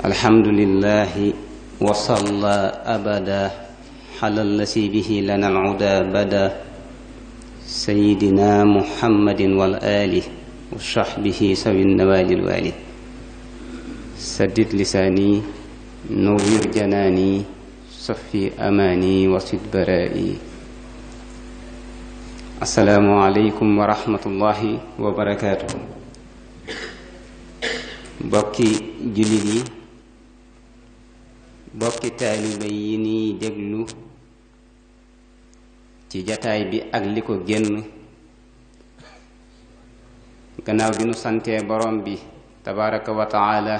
alhamdulillahi wa salla abada xalal lasi bihi lana alhuda bada sayidina muhammadin wal ali wa sahbihi sawi nawali alwali saddid lisaani nuwir janaani safi amaani wasid baraai asalaamu aleykum wa rahmatullahi wa barakaatuhu mbokki jullit yi bokki taalibe yi ni déglu ci jataay bi ak li ko génn gannaaw bi nu santee borom bi tabaraka wa taala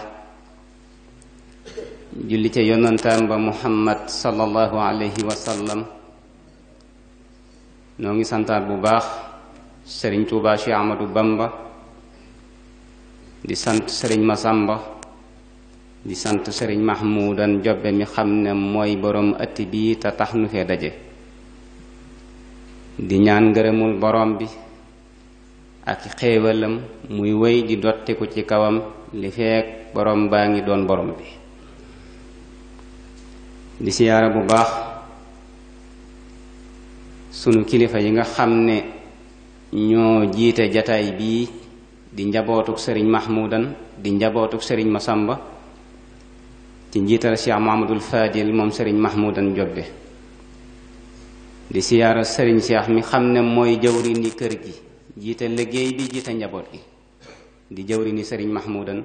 julli ca yonantaan ba muhammad sallallahu alayhi wa noo ngi santaat bu baax sëriñ tuubaa Cheikh Ahmadou Bamba di sant sëriñ ma Masamba di sant sëriñ Mahmoudan Jobbe mi xam ne mooy boroom ëtt bii te tax nu fee daje di ñaan ngërëmul borom bi ak xéewalam muy wéy di dottiku ci kawam li feek borom baa ngi doon borom bi di siyaara bu baax sunu kilifa yi nga xam ne ñoo jiite jataay bii di njabootuk sëriñ Mahmoudan di njabootuk sëriñ Masamba ci njiital Cheikh Mahamadul Fadil moom sëriñ Mahmoudan Jobbe di siyaara sëriñ Cheikh mi xam ne mooy jawri ni kër gi jiite liggéey bi jiite njaboot gi di jawri ni sëriñ Mahmoudan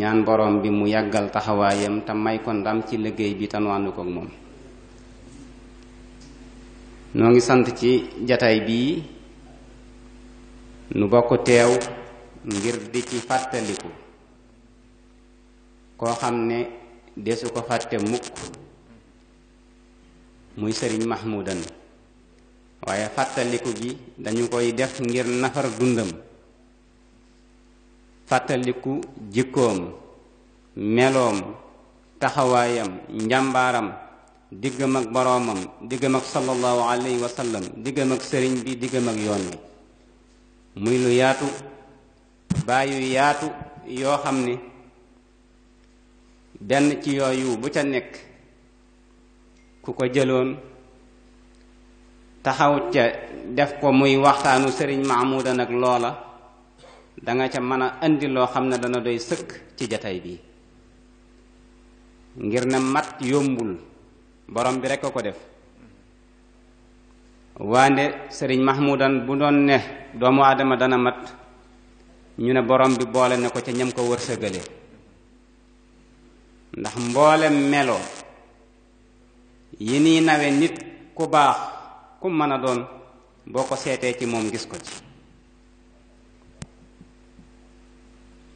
ñaan borom bi mu yàggal taxawaayam te may ko ndam ci liggéey bi te moom noo ngi sant ci jataay bii nu bokk teew ngir di ci fàttaliku koo xam ne desu ko fàtte mukk muy sëriñ mahmudan waaye fàttaliku gi dañu koy def ngir nafar dundam fàttaliku jikkoom meloom taxawaayam njàmbaaram diggam ak boroomam diggam ak sallallahu alayhi wa diggam ak sëriñ bi diggam ak yoon wi muy lu yaatu bàyyu yaatu yoo xam ne benn ci yooyu bu ca nekk ku ko jëloon taxaw ca def ko muy waxtaanu sëriñ Mahmouda nag loola danga ca mën a indi loo xam ne dana doy sëkk ci jataay bii ngir ne mat yombul borom bi rekk a ko def waande sëriñ Mahmoudan bu doon ne doomu aadama dana mat ñu ne borom bi boole na ko ca ñam ko wërsëgale ndax mboolem melo yi nii nawe nit ku baax ku mën a doon boo ko seetee ci moom gis ko ci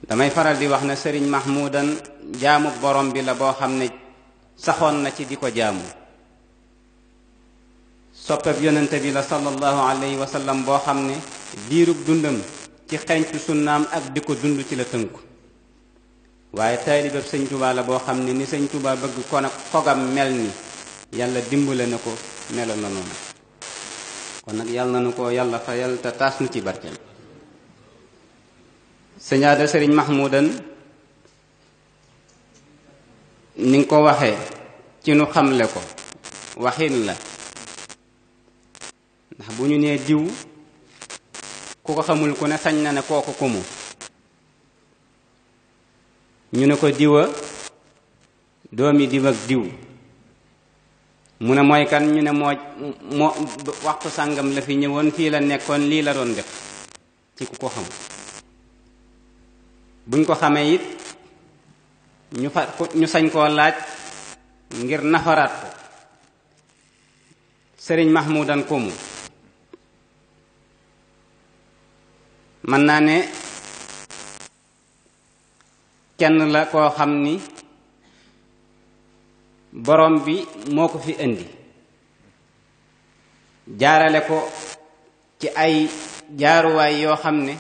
damay faral di wax ne sëriñ mahmudan jaamu borom bi la boo xam ne saxoon na ci di ko jaamu soppeb yonente bi la sallallahu alayhi wa sallam boo xam ne diirub dundam ci xeñtu sunnaam ak di ko dund ci la tënku waaye taalibab sëñ Tuubaa la boo xam ne ni sëñ Tuubaa bëgg kon ak xogam mel ni yàlla dimbale na ko melo na noonu kon nag yàlla na nu ko yàlla fayal te taas nu ci barkeem sëñ Aada sëriñ Mahmoudan ni nga ko waxee ci nu xamle ko waxin la ndax bu ñu nee diw ku ko xamul ku ne sañ na ne kooku ko mu ñu ne ko diwa doomi diw ak diw mu ne mooy kan ñu ne moo moo waxtu sàngam la fi ñëwoon fii la nekkoon lii la doon def ci ku ko xam buñ ko xamee it ñu fa ñu sañ koo laaj ngir nafaraat sëriñ Mahmoudan Koumou mën naa ne kenn la koo xam ni borom bi moo ko fi indi jaarale ko ci ay jaaruwaay yoo xam ne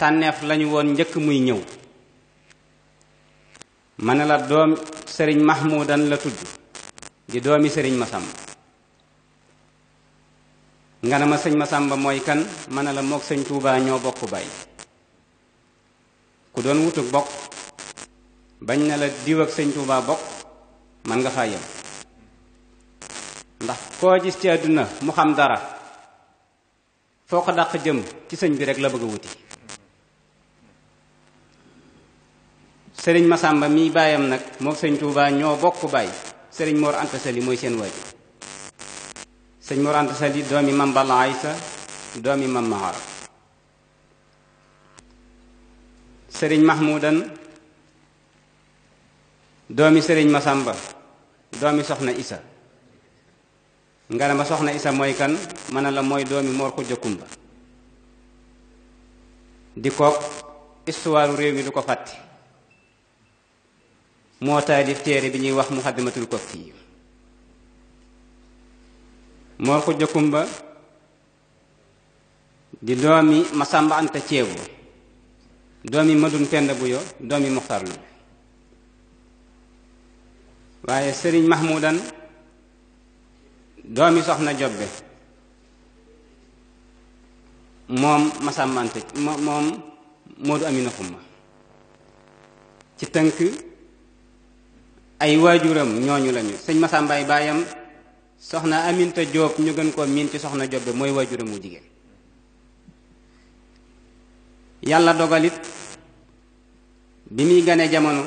tànneef lañu woon njëkk muy ñëw mën ne la doom sëriñ Mahmoudan la tudd di doomi sëriñ ma Masamba nga ne ma sëñ Masamba mooy kan mën ne la mook sëñ Tuubaa ñoo bokk bàyyi ku doon wutuk bokk bañ na la diw ak sëñ Tuubaa bokk man nga faa yem ndax koo gis ci àdduna mu xam dara foo ko dàq jëm ci sëñ bi rek la bëgg a wuti sëriñ Masamba mi baayam nag mook sëñ Tuubaa ñoo bokk baay sëriñ Mor Anta Sali mooy seen waajur sëñ Mor Anta Sali doomi Mam Balla Aysa doomi Mam Mahara sëriñ Mahmudan doomi sëriñ Masamba doomi soxna isa nga ne ma soxna isa mooy kan mën na la mooy doomi Mor Xuja Kumba di kook istuwaaru réew mi du ko fàtte moo taalif téere bi ñuy wax muxaddamatul kofi Mor Xuja Kumba di doomi Masamba Anta Ceebu doomi Madun bu Buyo doomi Moxtar Lo waaye sëriñ mahmudan doomi soxna jobbe moom masàmmante moom moodu amina xumma ci tënk ay waajuram ñooñu lañu sëñ masambaay baayam soxna aminta jóob ñu gën koo miin ci soxna jobbe mooy waajuram wu jigéen yàlla dogalit bi muy gane jamono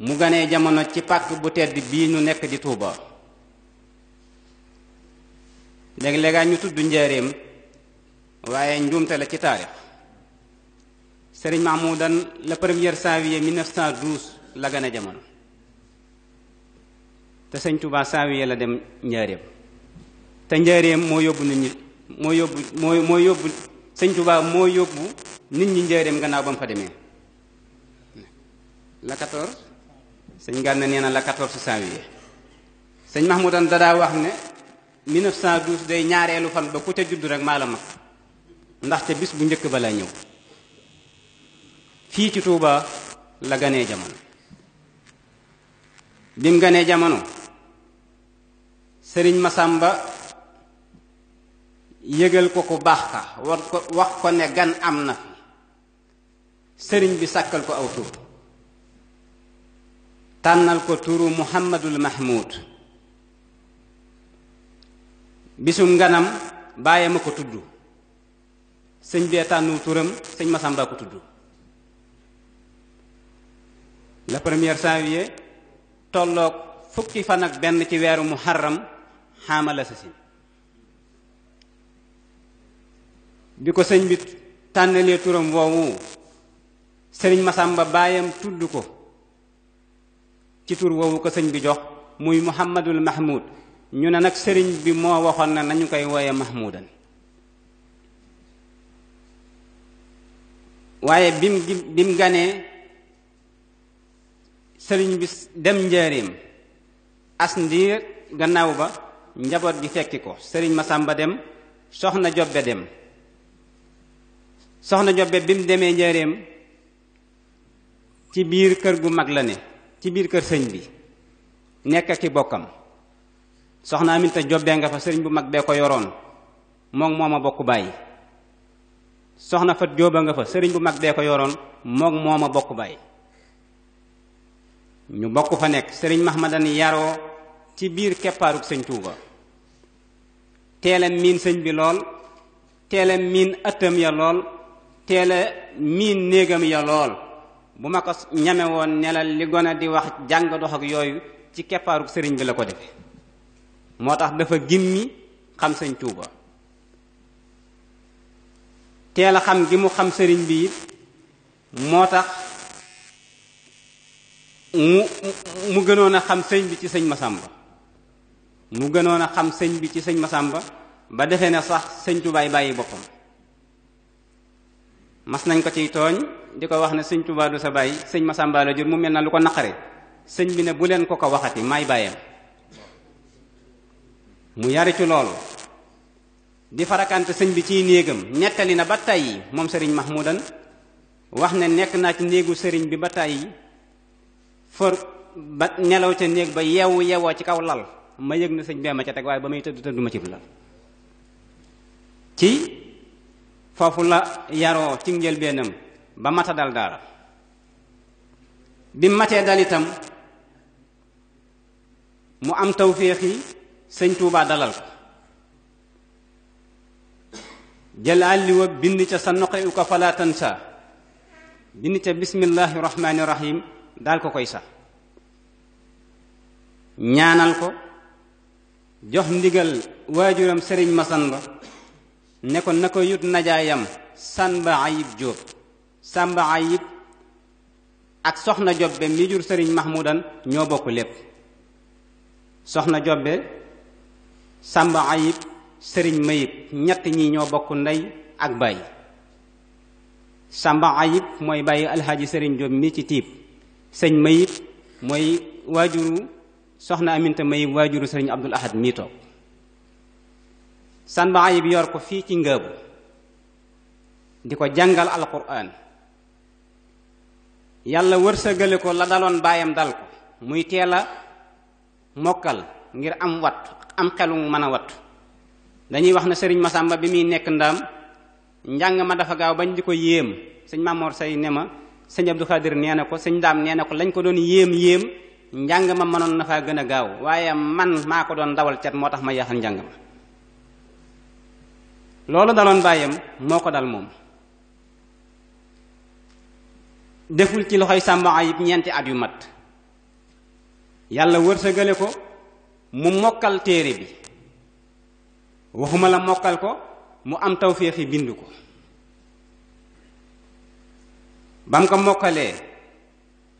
mu ganee jamono ci pàkk bu tedd bii ñu nekk di Tuuba léeg-léegaa ñu tudd njaareem waaye njuumte la ci taarix sëriñ première le premier janvier 1912 la gane jamono te sëñ Tuuba janvier la dem njaareem te njaareem moo yóbbu nit ñi moo yóbbu moo moo yóbbu sëñ Tuuba moo yóbbu nit ñi njaareem gannaaw ba fa demee sëñ Gànna nee na la 14 janvier sëñ Mahmoudan dadaa wax ne 1912 day ñaareelu fan ba ku ca judd rek maa la mag ndaxte bis bu njëkk ba ñëw fii ci Touba la ganee jamono bim ganee jamono sëriñ Masamba yëgal ko ku baax ka war ko wax ko ne gan am na sëriñ bi sàkkal ko aw tur tànnal ko turu muhammadul mahmud bisum nganam bàyyi ma ko tudd sëñ bee tànnu turam sëñ masamba ko tudd la première janvier tolloog fukki fan ak benn ci weeru muharram xaamala sa si bi ko sëñ bi tànnalee turam woowu sëriñ masamba baayam tudd ko ci tur woowu ko sëñ bi jox muy muhammadul mahmud ñu ne nag sëriñ bi moo waxoon na nañu koy wooye mahmudan waaye bim bim ganee sëriñ bi dem njaareem as gannaaw ba njaboot gi fekki ko sëriñ Masamba dem soxna jobbe dem soxna jobbe bim demee njaareem ci biir kër gu mag la ne ci biir kër sëñ bi nekk ak i bokkam soxna Aminta jobbee nga fa sëriñ bu mag bee ko yoroon moog mooma bokk bàyyi soxna Fat Jóoba nga fa sëriñ bu mag bee ko yoroon moog mooma bokk bàyyi ñu bokk fa nekk sëriñ Mahmadan yaroo ci biir keppaarug sëñ Tuuba teele miin sëñ bi lool teele miin ëttam ya lool teele miin néegam ya lool bu ma ko ñame woon nelal li gone di wax jàng dox ak yooyu ci keppaaruk sëriñ bi la ko defe moo tax dafa gimmi xam sëñ teel a xam gi mu xam sëriñ bi it moo tax mu mu gënoon a xam sëñ bi ci sëñ Masamba mu gënoon a xam sëñ bi ci sëñ Masamba ba defe na sax sëñ Tuubaay bàyyi boppam mas nañ ko ciy tooñ di ko wax ne sëñ Tuubaa sa baay sëñ Masamba la jur mu mel na lu ko naqare sëñ bi ne bu leen ko ko waxati maay bàyyam mu yari ci lool di farakante sëñ bi ciy néegam nettali na ba tàyyi moom sëriñ Mahmoudan wax ne nekk naa ci néegu sëriñ bi ba tàyyi for ba nelaw ca néeg ba yeewu yeewoo ci kaw lal ma yëg na sëñ bee ma ca teg waaye ba may tëdd tëdduma cib la ci foofu la yaroo ci njëlbeenam ba mata dal daal bi matee dal itam mu am tawféex yi sëñ Tuubaa dalal ko jël àlliwa bind ca sa noqe ko falaa tansa bind ca bismillaahi rahmaani rahim daal ko koy sax ñaanal ko jox ndigal waajuram sëriñ Masamba ne ko na ko yut najaayam sàmba ayib jóob sàmba ayib ak soxna jobbe mi jur sëriñ mahmudan ñoo bokk lépp soxna jobbe sàmba ayib sëriñ mayib ñett ñi ñoo bokk ndey ak baay sàmba ayib mooy bàyyi alxaaji sëriñ jóob mi ci tiib sëñ mayib mooy waajuru soxna aminta mayib waajuru sëriñ abdul ahad mii toog sanba yi bi yor ko fii ci ngëbu di ko jàngal alquran yàlla wërsëgale ko la daloon baayam dal muy teel a mokkal ngir am wat am xelu mën a wat dañuy wax ne sëriñ Masamba bi muy nekk ndaam njàng ma dafa gaaw bañ di ko yéem sëñ maamoor say ne ma sëñ Abdou Khadir nee na ko sëñ ndaam nee na ko lañ ko doon yéem yéem njàng ma mënoon na gën a gaaw waaye man maa ko doon dawal cet moo tax ma yaaxal njàng ma loolu daloon bàyyam moo ko dal moom deful ci loxoy sàmba ayib ñeenti at yu mat yàlla wërsëgale ko mu mokkal téere bi waxuma la mokkal ko mu am tawféexi bind ko bam ko mokkalee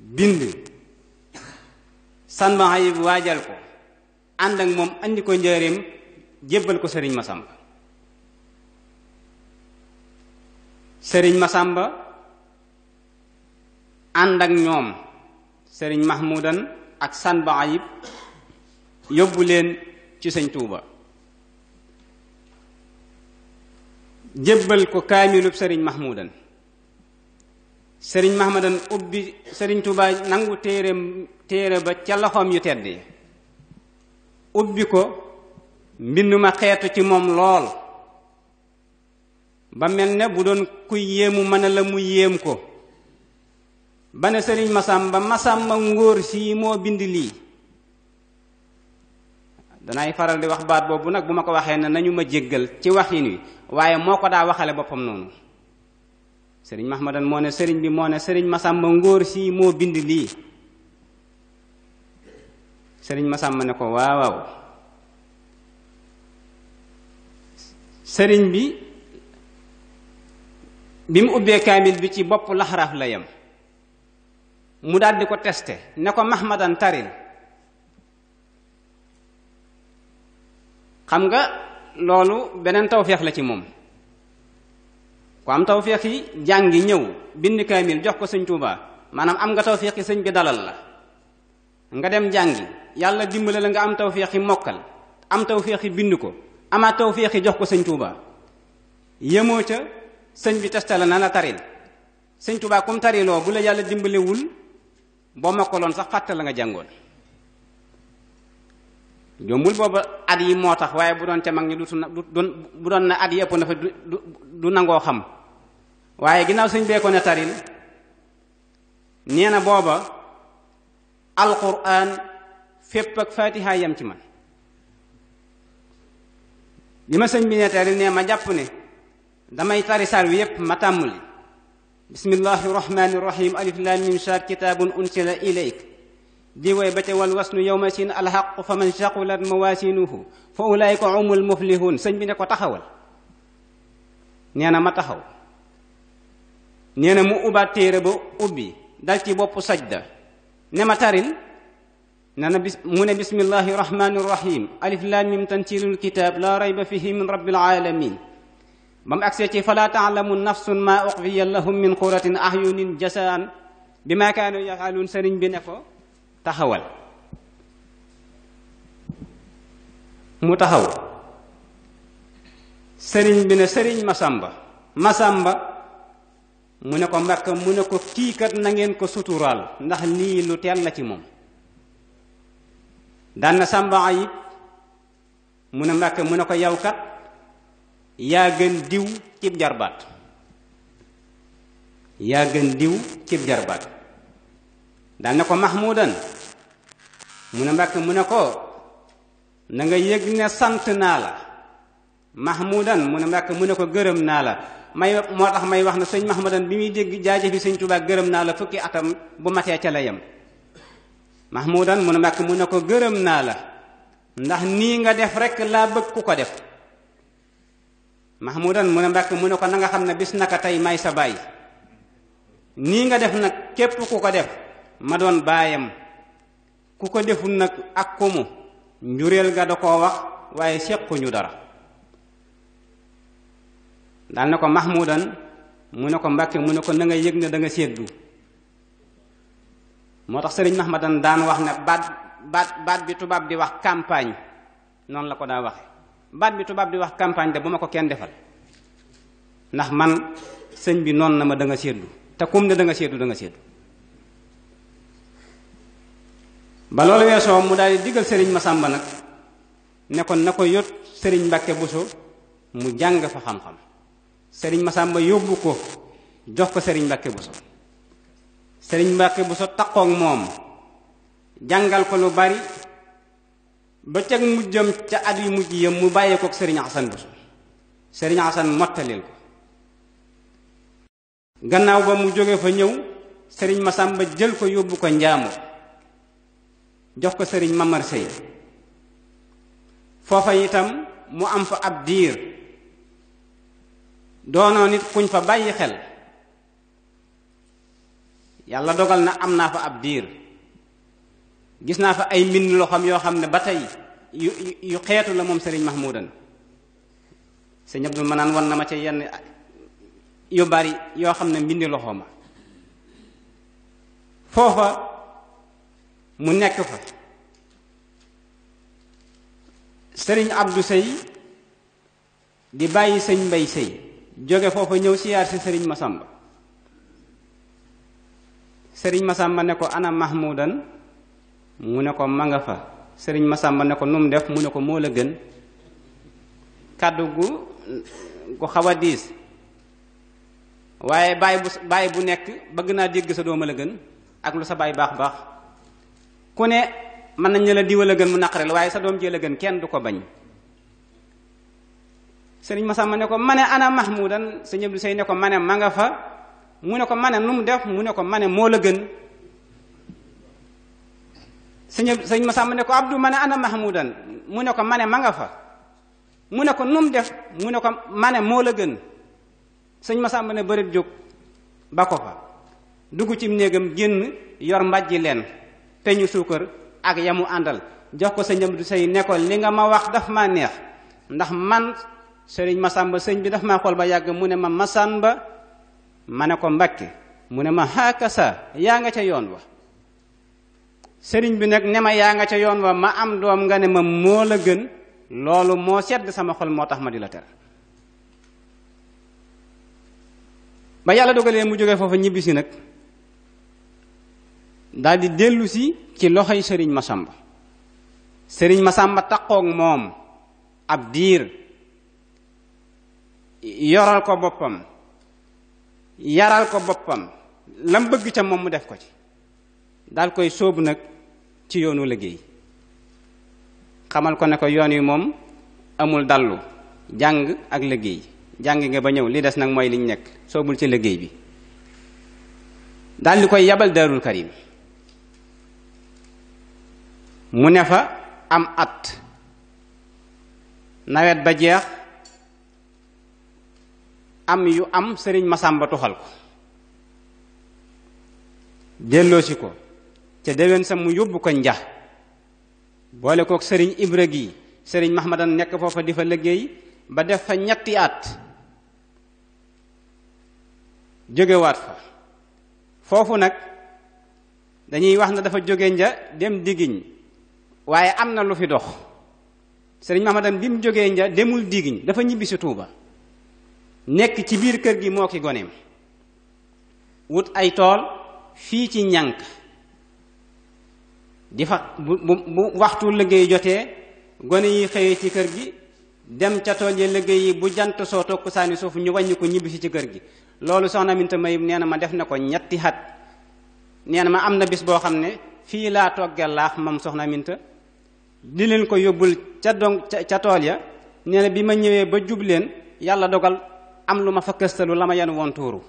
bind sàmba ayib waajal ko ànd ak moom andi ko njëreem jébbal ko sëriñ ma Masamba sëriñ Masamba ànd ak ñoom sëriñ Mahmoudan ak Sanba Ayib yóbbu leen ci sëñ Tuuba jébbal ko kaamilub sëriñ Mahmoudan sëriñ Mahmoudan ubbi sëriñ Tuuba nangu téereem téere ba ca loxoom yu tedd yi ubbi ko mbind ma xeetu ci moom lool ba mel ne bu doon ku yéemu mën a la mu yéem ko ba ne sëriñ Masamba Masamba ngóor sii moo bind lii danaay faral di wax baat boobu nag bu ma ko waxee ne nañu ma jéggal ci waxin wi waaye moo ko daa waxale boppam noonu sëriñ Mahmadan moo ne sëriñ bi moo ne sëriñ Masamba ngóor sii moo bind lii sëriñ Masamba ne ko waaw sëriñ bi bi mu ubbee kaamil bi ci bopp laxaraaf la yem mu daal di ko teste ne ko mahmadan taril xam nga loolu beneen tawféex la ci moom ku am tawféex yi jàngi ñëw bind kaamil jox ko sañ Tuubaa maanaam am nga tawféex yi sëñ bi dalal la nga dem jàngi yàlla dimbale la nga am tawféex yi mokkal am tawféex yi bind ko amaat tawféex yi jox ko sëñ Tuubaa yemoo ca sëñ bi testale na la taril sëñ tubaa kum tariloo bu la yàlla dimbalewul boo mokkaloon sax fàtte la nga jàngoon jombul boobu at yi moo tax waaye bu doon ca mag ñi du bu doon na at yi ëpp na fa du nangoo xam waaye ginnaaw sëñ bee ko ne taril nee na booba alquran fépp ak fatiha ci man li ma sëñ bi ne taril nee ma jàpp ne damay tari saar wi yépp ma tàmmuli bismillahi rahmani rahim alif lam mim shaat kitaabun di woy wal wasnu yawma sin alxaqu fa man shaqulat mawaasinuhu fa ulaayka humul muflihun sëñ bi ne ko taxawal nee na ma taxaw nee na mu ubaat téere ba ubbi dal ci boppu sajda ne ma taril na mu ne bismillahi rahmani rahim alif lam kitaab laa rayba fihi min rabbil alamin ba mu agsee ci falaa taalamu nafsun maa uxfiya lahum min quratin ahyunin jasaan bi maa kaanu yafaluun sëriñ bi ne ko taxawal mu taxaw sëriñ bi ne sëriñ Masamba Masamba mu ne ko mbakk mu ne ko kii kat na ngeen ko suturaal ndax lii lu teel la ci moom daan sàmba ayib mu ne mbakk mu ne ko yow kat yaa gën diw cib jarbaat yaa diw cib jarbaat daal na ko mahmudan mu ne mbàkk mu ne ko na nga yëg ne sant naa la mahmudan mu ne mbàkk mu ne ko gërëm naa la may moo tax may wax na sëñ mahmudan bi muy dégg jaajëfi sëñ Tuubaa gërëm naa la fukki atam bu matee ca la yem mahmudan mu ne mbàkk mu ne ko gërëm naa la ndax nii nga def rekk laa bëgg ku ko def mahmudan mu ne Mbàkke mu ne ko na nga xam ne bis naka tey may sa baay nii nga def nag képp ku ko def ma doon baayam ku ko deful nag ak kumu njureel nga da koo wax waaye sequñu dara dal ne ko mahmudan mu ne ko Mbàkke mu ne ko na nga yëg ne danga nga seddu moo tax sëriñ Mahmadan daan wax ne baat baat bi tubaab di wax campagne noonu la ko daa waxe baat bi tubaab bi wax campagne de bu ma ko kenn defal ndax man sëñ bi noonu na ma danga nga seddu te kum ne da nga seddu danga nga seddu ba loolu weesoo mu daal diggal sëriñ Masamba nag ne ko na ko yot sëriñ Mbàkke Buso mu jàng fa xam-xam sëriñ Masamba yóbbu ko jox ko sëriñ Mbàkke Buso sëriñ Mbàkke Buso taqoog moom jàngal ko lu bari ba cag mujjam ca at yu mujj yam mu bàyyi kook sëriñ Xasan Buso sëriñ Xasan mottalil ko gannaaw ba mu jóge fa ñëw sëriñ Masamba jël ko yóbbu ko njaamu jox ko sëriñ Mamar Sey foofa itam mu am fa ab diir doonoon nit kuñ fa bàyyi xel yàlla dogal na am naa fa ab diir gis naa fa ay mbind loxoom yoo xam ne ba tey yu yu xeetu la moom Serigne Mahmoudan sëñ Manaan won na ma ca yenn yu bari yoo xam ne mbindi loxoom ma foofa mu nekk fa sëriñ Abdou sëy di bàyyi sëñ Mbay sëy jóge foofa ñëw siyaar si sëriñ Masamba sëriñ Masamba ne ko ana Mahmoudan mu ne ko ma nga fa sëriñ Masamba ne ko nu def mu ne ko moo la gën kàddu gu gu xaw a diis waaye baay bu baay bu nekk bëgg naa dégg sa dooma la gën ak lu sa baay baax baax ku ne mën nañ ne la diwa la gën mu naqare la waaye sa doom jee la gën kenn du ko bañ sëriñ Masamba ne ko ma ne ana Mahmoudan sëñ Abdou Sey ne ko ma ne ma nga fa mu ne ko ma ne nu mu def mu ne ko ma ne moo la gën sëñ sëñ Masamba ne ko du ma ne ana Mahmoudan mu ne ko ma ne ma nga fa mu ne ko num def mu ne ko ma ne moo la gën sëñ Masamba ne bërit jóg ba ko fa dugg ci néegam génn yor mbàjji leen peñu suukar ak yamu àndal jox ko sëñ Abdou Seye ne li nga ma wax daf maa neex ndax man sëriñ Masamba sëñ bi daf maa xool ba yàgg mu ne ma Masamba ma ne ko Mbakke mu ne ma haakasa yaa nga ca yoon wa sëriñ bi nag ne ma yaa nga ca yoon wa ma am doom nga ne ma moo la gën loolu moo sedd sama xol moo tax ma di la ter ba yàlla dogalee mu jógee foofa ñibbisi nag daal di dellu si ci loxoy sëriñ Masamba sëriñ Masamba taqoog moom ab diir yoral ko boppam yaral ko boppam lam bëgg ca moom mu def ko ci dal koy sóobu nag ci yoonu liggéey xamal ko ne ko yoon wi moom amul dallu jàng ak liggéey jàng nga ba ñëw li des nag mooy liñ nekk soobul ci liggéey bi daldi koy yabal daarul karim mu ne fa am at nawet ba jeex am yu am sëriñ masamba tuxal ko delloosi ko ca déwén sa mu yóbbu ko nja boole kook sëriñ ibra gi sëriñ mahmadan nekk foofa di fa liggéey ba def fa ñetti at jógewaat fa foofu nag dañuy wax na dafa jóge nja dem diggiñ waaye am na lu fi dox sëriñ mahmadan bi mu jógee nja demul diggiñ dafa ñibbisi tuuba nekk ci biir kër gi moo ki goneem wut ay tool fii ci ñànk di fa bu bu waxtu liggéey jotee gone yi xëyee ci kër gi dem ca tool ya liggéey yi bu jant soo tokk saani suuf ñu wàññi ko ñibbisi ci kër gi loolu soxna Minta Mayib nee na ma def na ko ñetti xat nee na ma am na bis boo xam ne fii laa toggee laax moom soxna Minta di leen ko yóbbul ca don ca tool ya nee bi ma ñëwee ba jub leen yàlla dogal am lu ma fa këstalu la ma yan woon tuuru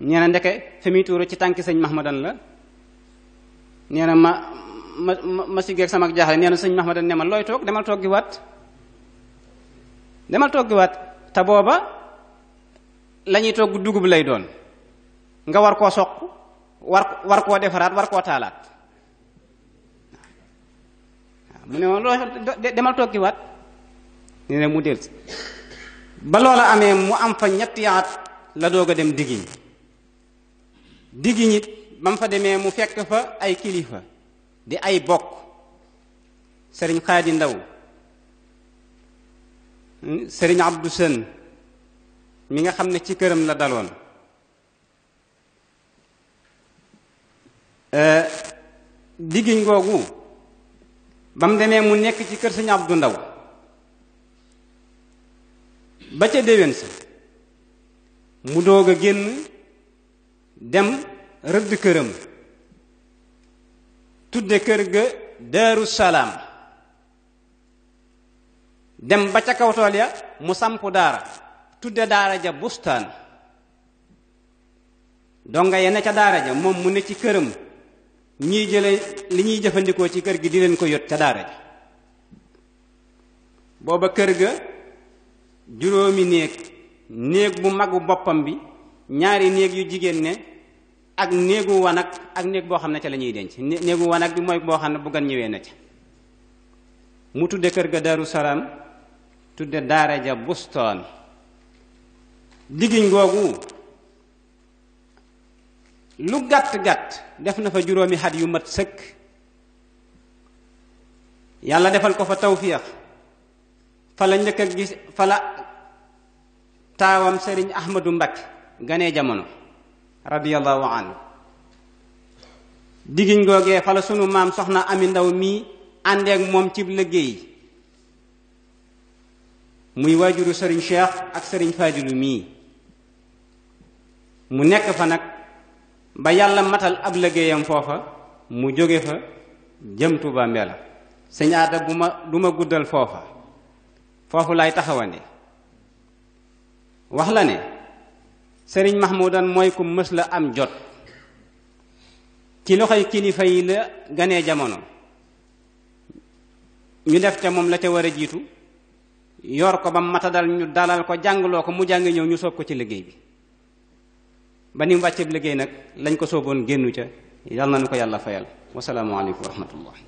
nee na ndeke fi muy tuuru ci tànki sëñ Mahmadan la nee na ma ma ma si geeg sama jaaxle nee na sëñ Mahmadan ne ma looy toog demal toog gi waat demal toog gi waat te booba la ñuy togg dugub lay doon nga war koo soq war koo defaraat war koo taalaat mu ne ma mu del ba loola amee mu am fa ñetti at la doog a dem diggiñ diggiñ ba mu fa demee mu fekk fa ay kilifa di ay bokk sëriñ xaadi ndaw sëriñ abdu sën mi nga xam ne ci këram la daloon euh, diggiñ googu ba mu demee mu nekk ci kër sëriñ abdu ndaw ba ca déwén sa mu doog a génn dem rëdd këram tudde kër ga daaru salaam dem ba ca kaw ya mu samp daara tudde daara ja bustaan donga ya ne ca daara ja moom mu ne ci këram ñuy jële li ñuy jëfandikoo ci kër gi di leen ko yot ca daara ja booba kër ga juróomi néeg néeg bu magu boppam bi ñaari néeg yu jigéen ne ak néegu wanag ak néeg boo xam ne ca lañuy denc néegu wanag bi mooy boo xam ne bu gan ñëwee na ca mu tudde kër ga Daaru Salaam tudde daara ja Bustoon googu lu gàtt-gàtt def na fa juróomi xat yu mat sëkk yàlla defal ko fa tawfiix fa la njëkk a gis fa la taawam Sëriñ Ahmadu Mbakke ganee jamono radiyallahu anhu diggiñ googee fa la sunu maam soxna ami ndaw mii àndeek moom cib liggéey muy waajuru sëriñ Cheikh ak sëriñ Fadilu mii mu nekk fa nag ba yàlla matal ab liggéeyam foofa mu jóge fa jëm Tuuba Mbella sëñ aada ma du ma guddal foofa foofu laay taxawande wax la ne sëriñ Mahmoudan mooy ku mës la am jot ci loxoy kilifa yi la gane jamono ñu def ca moom la ca war a jiitu yor ko ba dal ñu dalal ko jàngloo ko mu jàng ñëw ñu soog ko ci liggéey bi ba ni mu wàcceeb liggéey nag lañ ko sooboon génnu ca yal na nu ko yàlla fayal wasalaamualeykum wa rahmatullah